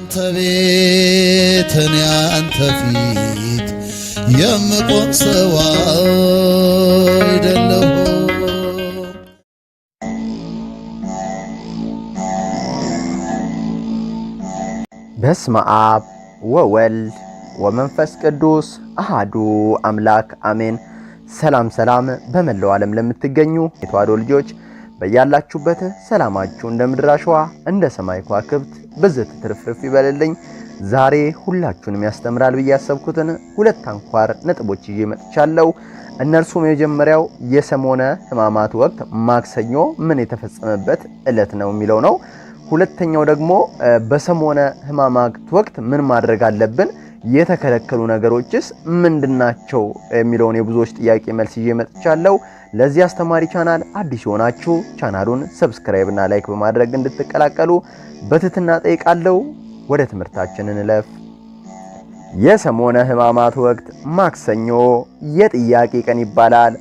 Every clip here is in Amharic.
አንተ ቤት እኔ አንተ ፊት የምቆም ሰው አይደለሁ። በስመ አብ ወወልድ ወመንፈስ ቅዱስ አሃዱ አምላክ አሜን። ሰላም ሰላም፣ በመላው ዓለም ለምትገኙ የተዋሕዶ ልጆች በያላችሁበት ሰላማችሁ እንደ ምድር አሸዋ እንደ ሰማይ ከዋክብት ብዝት ትርፍርፍ ይበልልኝ። ዛሬ ሁላችሁንም ያስተምራል ብዬ ያሰብኩትን ሁለት አንኳር ነጥቦች ይዤ መጥቻለሁ። እነርሱም የመጀመሪያው የሰሞነ ሕማማት ወቅት ማክሰኞ ምን የተፈጸመበት ዕለት ነው የሚለው ነው። ሁለተኛው ደግሞ በሰሞነ ሕማማት ወቅት ምን ማድረግ አለብን የተከለከሉ ነገሮችስ ምንድናቸው? የሚለውን የብዙዎች ጥያቄ መልስ ይዤ መጥቻለሁ። ለዚህ አስተማሪ ቻናል አዲስ የሆናችሁ ቻናሉን ሰብስክራይብ እና ላይክ በማድረግ እንድትቀላቀሉ በትህትና ጠይቃለሁ። ወደ ትምህርታችን እንለፍ። የሰሞነ ሕማማት ወቅት ማክሰኞ የጥያቄ ቀን ይባላል።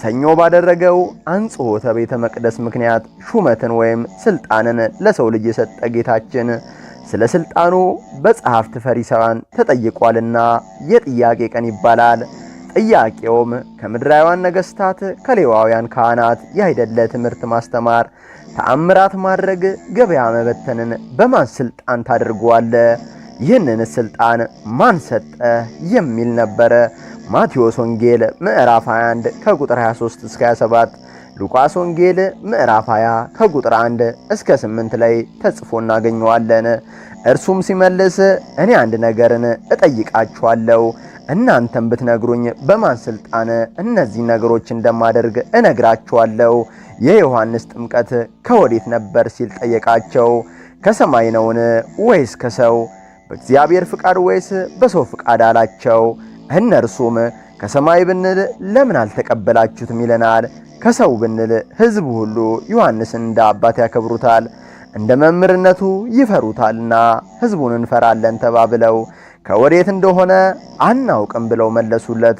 ሰኞ ባደረገው አንጽሖተ ቤተ መቅደስ ምክንያት ሹመትን ወይም ስልጣንን ለሰው ልጅ የሰጠ ጌታችን ስለ ስልጣኑ በጸሐፍት ፈሪሳውያን ተጠይቋልና የጥያቄ ቀን ይባላል። ጥያቄውም ከምድራውያን ነገስታት ከሌዋውያን ካህናት ያይደለ ትምህርት ማስተማር፣ ተአምራት ማድረግ፣ ገበያ መበተንን በማን ስልጣን ታደርጓለ? ይህንን ስልጣን ማን ሰጠ? የሚል ነበረ። ማቴዎስ ወንጌል ምዕራፍ 21 ከቁጥር 23 እስከ 27 ሉቃስ ወንጌል ምዕራፍ 20 ከቁጥር 1 እስከ 8 ላይ ተጽፎ እናገኘዋለን። እርሱም ሲመልስ እኔ አንድ ነገርን እጠይቃችኋለሁ፣ እናንተም ብትነግሩኝ በማን ስልጣን እነዚህ ነገሮች እንደማደርግ እነግራችኋለሁ። የዮሐንስ ጥምቀት ከወዴት ነበር ሲል ጠየቃቸው። ከሰማይ ነውን ወይስ ከሰው? በእግዚአብሔር ፍቃድ ወይስ በሰው ፍቃድ አላቸው። እነርሱም ከሰማይ ብንል ለምን አልተቀበላችሁትም ይለናል። ከሰው ብንል ሕዝቡ ሁሉ ዮሐንስን እንደ አባት ያከብሩታል፣ እንደ መምህርነቱ ይፈሩታልና ሕዝቡን እንፈራለን ተባብለው ከወዴት እንደሆነ አናውቅም ብለው መለሱለት።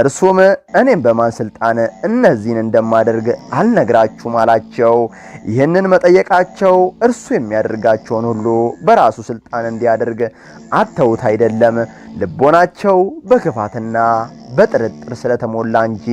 እርሱም እኔም በማን ስልጣን እነዚህን እንደማደርግ አልነግራችሁም አላቸው። ይህንን መጠየቃቸው እርሱ የሚያደርጋቸውን ሁሉ በራሱ ስልጣን እንዲያደርግ አተውት አይደለም፣ ልቦናቸው በክፋትና በጥርጥር ስለተሞላ እንጂ።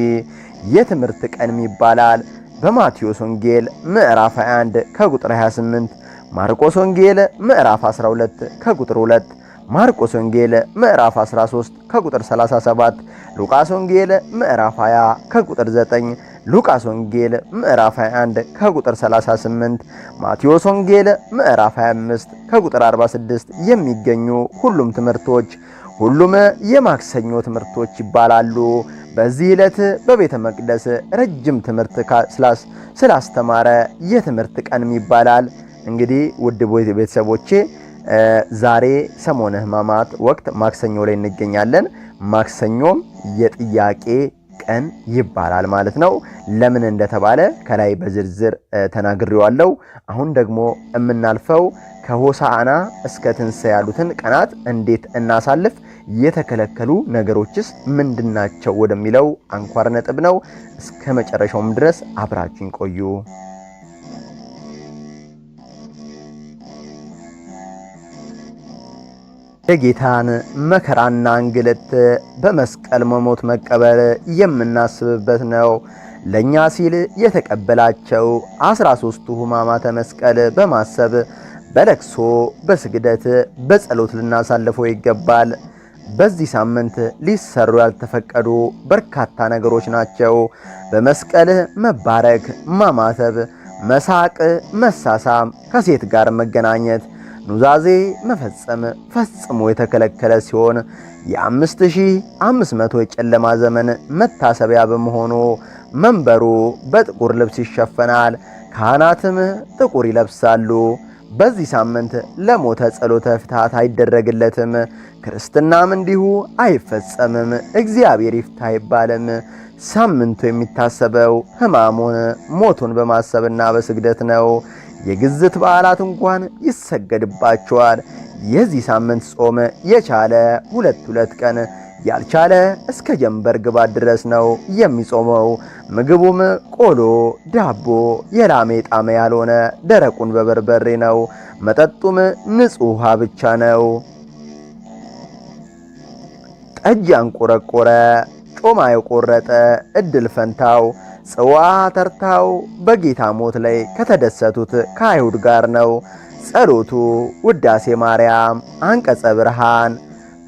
የትምህርት ቀንም ይባላል በማቴዎስ ወንጌል ምዕራፍ 21 ከቁጥር 28፣ ማርቆስ ወንጌል ምዕራፍ 12 ከቁጥር 2 ማርቆስ ወንጌል ምዕራፍ 13 ከቁጥር 37፣ ሉቃስ ወንጌል ምዕራፍ 20 ከቁጥር 9፣ ሉቃስ ወንጌል ምዕራፍ 21 ከቁጥር 38፣ ማቴዎስ ወንጌል ምዕራፍ 25 ከቁጥር 46 የሚገኙ ሁሉም ትምህርቶች ሁሉም የማክሰኞ ትምህርቶች ይባላሉ። በዚህ ዕለት በቤተ መቅደስ ረጅም ትምህርት ስላስተማረ የትምህርት ቀንም ይባላል። እንግዲህ ውድ ቤተሰቦቼ ዛሬ ሰሞነ ሕማማት ወቅት ማክሰኞ ላይ እንገኛለን። ማክሰኞም የጥያቄ ቀን ይባላል ማለት ነው። ለምን እንደተባለ ከላይ በዝርዝር ተናግሬዋለሁ። አሁን ደግሞ የምናልፈው ከሆሳዕና እስከ ትንሣኤ ያሉትን ቀናት እንዴት እናሳልፍ፣ የተከለከሉ ነገሮችስ ምንድናቸው ወደሚለው አንኳር ነጥብ ነው። እስከ መጨረሻውም ድረስ አብራችን ቆዩ። የጌታን መከራና እንግልት በመስቀል መሞት መቀበል የምናስብበት ነው። ለእኛ ሲል የተቀበላቸው አስራ ሦስቱ ሕማማተ መስቀል በማሰብ በለቅሶ በስግደት በጸሎት ልናሳልፈው ይገባል። በዚህ ሳምንት ሊሰሩ ያልተፈቀዱ በርካታ ነገሮች ናቸው። በመስቀል መባረክ፣ ማማተብ፣ መሳቅ፣ መሳሳም፣ ከሴት ጋር መገናኘት ኑዛዜ መፈጸም ፈጽሞ የተከለከለ ሲሆን የ5500 የጨለማ ዘመን መታሰቢያ በመሆኑ መንበሩ በጥቁር ልብስ ይሸፈናል። ካህናትም ጥቁር ይለብሳሉ። በዚህ ሳምንት ለሞተ ጸሎተ ፍትሐት አይደረግለትም። ክርስትናም እንዲሁ አይፈጸምም። እግዚአብሔር ይፍታ አይባልም። ሳምንቱ የሚታሰበው ሕማሙን ሞቱን በማሰብና በስግደት ነው። የግዝት በዓላት እንኳን ይሰገድባቸዋል። የዚህ ሳምንት ጾም የቻለ ሁለት ሁለት ቀን ያልቻለ እስከ ጀንበር ግባት ድረስ ነው የሚጾመው። ምግቡም ቆሎ፣ ዳቦ፣ የላሜ ጣመ ያልሆነ ደረቁን በበርበሬ ነው። መጠጡም ንጹህ ውሃ ብቻ ነው። ጠጅ ያንቆረቆረ ጮማ የቆረጠ እድል ፈንታው ጽዋ ተርታው በጌታ ሞት ላይ ከተደሰቱት ከአይሁድ ጋር ነው። ጸሎቱ ውዳሴ ማርያም፣ አንቀጸ ብርሃን፣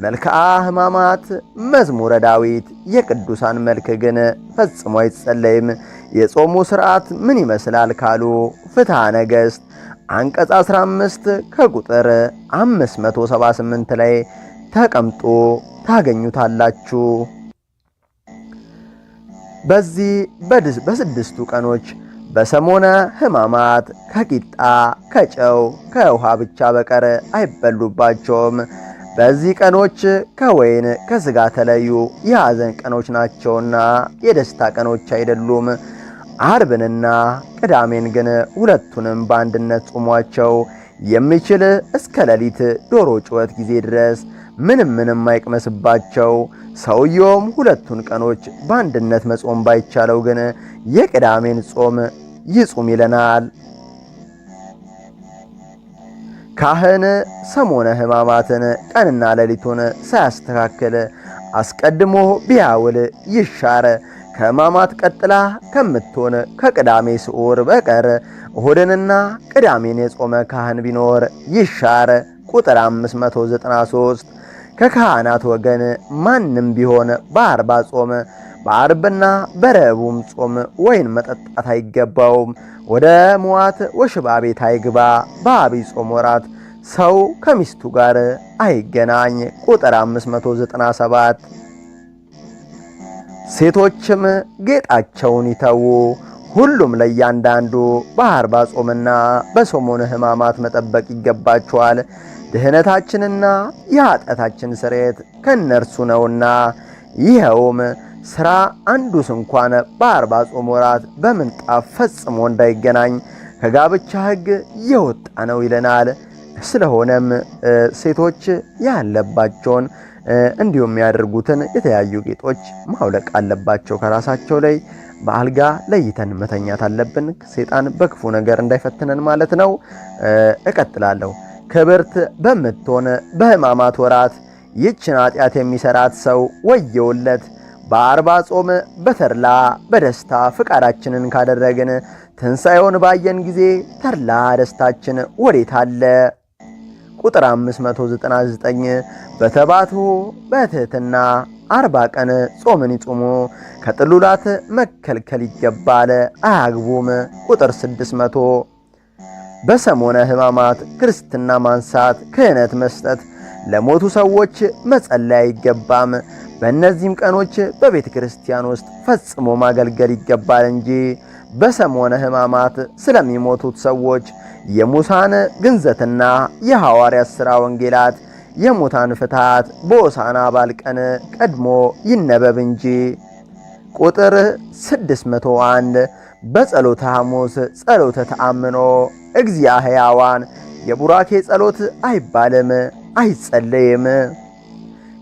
መልክአ ሕማማት፣ መዝሙረ ዳዊት የቅዱሳን መልክ ግን ፈጽሞ አይጸለይም። የጾሙ ሥርዓት ምን ይመስላል ካሉ ፍትሐ ነገሥት አንቀጽ 15 ከቁጥር 578 ላይ ተቀምጦ ታገኙታላችሁ። በዚህ በስድስቱ ቀኖች በሰሞነ ሕማማት ከቂጣ ከጨው ከውሃ ብቻ በቀር አይበሉባቸውም። በዚህ ቀኖች ከወይን ከሥጋ ተለዩ። የሐዘን ቀኖች ናቸውና የደስታ ቀኖች አይደሉም። አርብንና ቅዳሜን ግን ሁለቱንም በአንድነት ጾሟቸው የሚችል እስከ ሌሊት ዶሮ ጩኸት ጊዜ ድረስ ምንም ምንም አይቅመስባቸው። ሰውየውም ሁለቱን ቀኖች በአንድነት መጾም ባይቻለው ግን የቅዳሜን ጾም ይጹም ይለናል። ካህን ሰሞነ ሕማማትን ቀንና ሌሊቱን ሳያስተካክል አስቀድሞ ቢያውል ይሻር። ከሕማማት ቀጥላ ከምትሆን ከቅዳሜ ስዑር በቀር እሁድንና ቅዳሜን የጾመ ካህን ቢኖር ይሻር። ቁጥር 593 ከካህናት ወገን ማንም ቢሆን በአርባ ጾም በአርብና በረቡም ጾም ወይን መጠጣት አይገባውም። ወደ ሙዋት ወሽባ ቤት አይግባ። በአብይ ጾም ወራት ሰው ከሚስቱ ጋር አይገናኝ። ቁጥር 597 ሴቶችም ጌጣቸውን ይተዉ። ሁሉም ለእያንዳንዱ በአርባ ጾምና በሰሞነ ሕማማት መጠበቅ ይገባቸዋል። ድህነታችንና የኃጢአታችን ስርየት ከእነርሱ ነውና ይኸውም ሥራ አንዱ እንኳን በአርባ ጾም ወራት በምንጣፍ ፈጽሞ እንዳይገናኝ ከጋብቻ ሕግ የወጣ ነው ይለናል። ስለሆነም ሴቶች ያለባቸውን እንዲሁም የሚያደርጉትን የተለያዩ ጌጦች ማውለቅ አለባቸው። ከራሳቸው ላይ በአልጋ ለይተን መተኛት አለብን። ሴጣን በክፉ ነገር እንዳይፈትነን ማለት ነው። እቀጥላለሁ። ክብርት በምትሆን በሕማማት ወራት ይችን ኃጢአት የሚሰራት ሰው ወየውለት። በአርባ ጾም በተርላ በደስታ ፍቃዳችንን ካደረግን ትንሣኤውን ባየን ጊዜ ተርላ ደስታችን ወዴት አለ? ቁጥር 599 በተባቱ በትህትና አርባ ቀን ጾምን ይጹሙ፣ ከጥሉላት መከልከል ይገባል፣ አያግቡም። ቁጥር 600 በሰሞነ ሕማማት ክርስትና ማንሳት፣ ክህነት መስጠት፣ ለሞቱ ሰዎች መጸለይ አይገባም። በእነዚህም ቀኖች በቤተ ክርስቲያን ውስጥ ፈጽሞ ማገልገል ይገባል እንጂ በሰሞነ ሕማማት ስለሚሞቱት ሰዎች የሙሳን ግንዘትና የሐዋርያት ሥራ ወንጌላት የሙታን ፍትሐት በሆሳዕና በዓል ቀን ቀድሞ ይነበብ እንጂ ቁጥር 601 በጸሎተ ሐሙስ ጸሎተ ተአምኖ እግዚአ ሕያዋን የቡራኬ ጸሎት አይባልም አይጸለይም።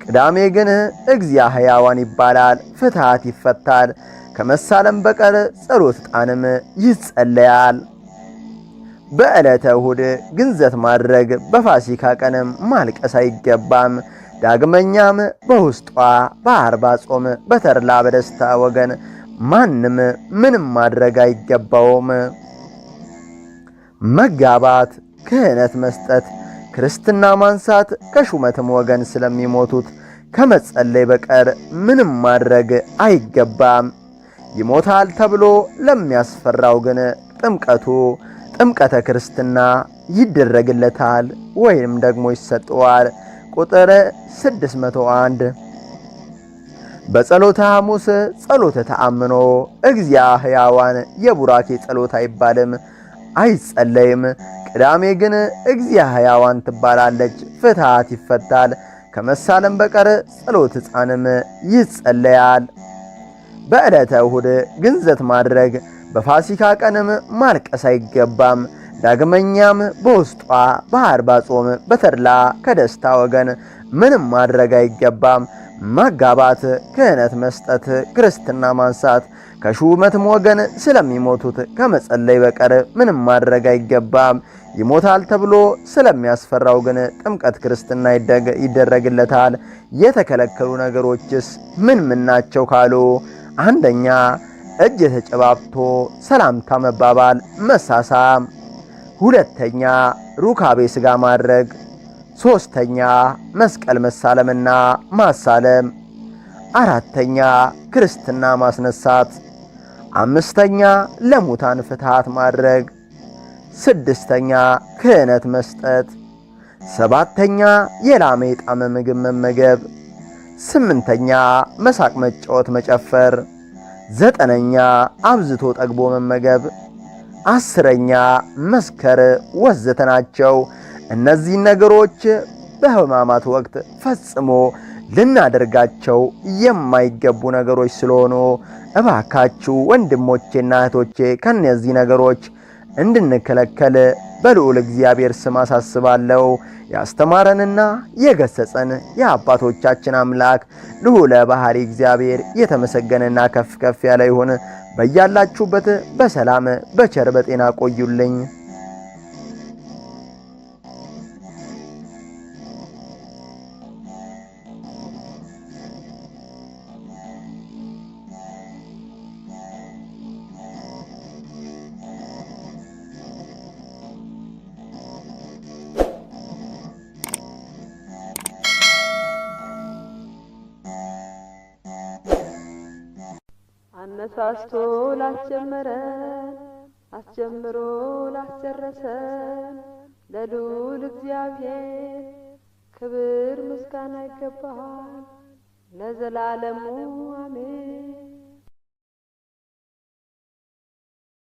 ቅዳሜ ግን እግዚአ ሕያዋን ይባላል፣ ፍትሐት ይፈታል፣ ከመሳለም በቀር ጸሎት ጣንም ይጸለያል። በዕለተ እሁድ ግንዘት ማድረግ በፋሲካ ቀንም ማልቀስ አይገባም። ዳግመኛም በውስጧ በአርባ ጾም በተርላ በደስታ ወገን ማንም ምንም ማድረግ አይገባውም። መጋባት፣ ክህነት መስጠት፣ ክርስትና ማንሳት ከሹመትም ወገን ስለሚሞቱት ከመጸለይ በቀር ምንም ማድረግ አይገባም። ይሞታል ተብሎ ለሚያስፈራው ግን ጥምቀቱ ጥምቀተ ክርስትና ይደረግለታል ወይም ደግሞ ይሰጠዋል። ቁጥር 601 በጸሎተ ሐሙስ ጸሎተ ተአምኖ እግዚአ ሕያዋን የቡራኬ ጸሎት አይባልም አይጸለይም። ቅዳሜ ግን እግዚአ ሕያዋን ትባላለች። ፍትሐት ይፈታል ከመሳለም በቀር ጸሎት ሕፃንም ይጸለያል። በዕለተ እሁድ ግንዘት ማድረግ በፋሲካ ቀንም ማልቀስ አይገባም። ዳግመኛም በውስጧ በአርባ ጾም በተድላ ከደስታ ወገን ምንም ማድረግ አይገባም። መጋባት፣ ክህነት መስጠት፣ ክርስትና ማንሳት፣ ከሹመትም ወገን ስለሚሞቱት ከመጸለይ በቀር ምንም ማድረግ አይገባም። ይሞታል ተብሎ ስለሚያስፈራው ግን ጥምቀት፣ ክርስትና ይደረግለታል። የተከለከሉ ነገሮችስ ምን ምን ናቸው ካሉ፣ አንደኛ እጅ ተጨባብቶ ሰላምታ መባባል፣ መሳሳም። ሁለተኛ ሩካቤ ስጋ ማድረግ ሶስተኛ መስቀል መሳለምና ማሳለም፣ አራተኛ ክርስትና ማስነሳት፣ አምስተኛ ለሙታን ፍትሃት ማድረግ፣ ስድስተኛ ክህነት መስጠት፣ ሰባተኛ የላመ የጣመ ምግብ መመገብ፣ ስምንተኛ መሳቅ፣ መጫወት፣ መጨፈር፣ ዘጠነኛ አብዝቶ ጠግቦ መመገብ፣ አስረኛ መስከር ወዘተ ናቸው። እነዚህን ነገሮች በሕማማት ወቅት ፈጽሞ ልናደርጋቸው የማይገቡ ነገሮች ስለሆኑ እባካችሁ ወንድሞቼና እህቶቼ ከነዚህ ነገሮች እንድንከለከል በልዑል እግዚአብሔር ስም አሳስባለሁ። ያስተማረንና የገሰጸን የአባቶቻችን አምላክ ልዑለ ባሕሪ እግዚአብሔር የተመሰገነና ከፍ ከፍ ያለ ይሁን። በያላችሁበት በሰላም በቸር በጤና ቆዩልኝ። አነሳስቶ ላስጀመረን አስጀምሮ ላስጨረሰን ለልዑል እግዚአብሔር ክብር ምስጋና ይገባል ለዘላለሙ አሜን።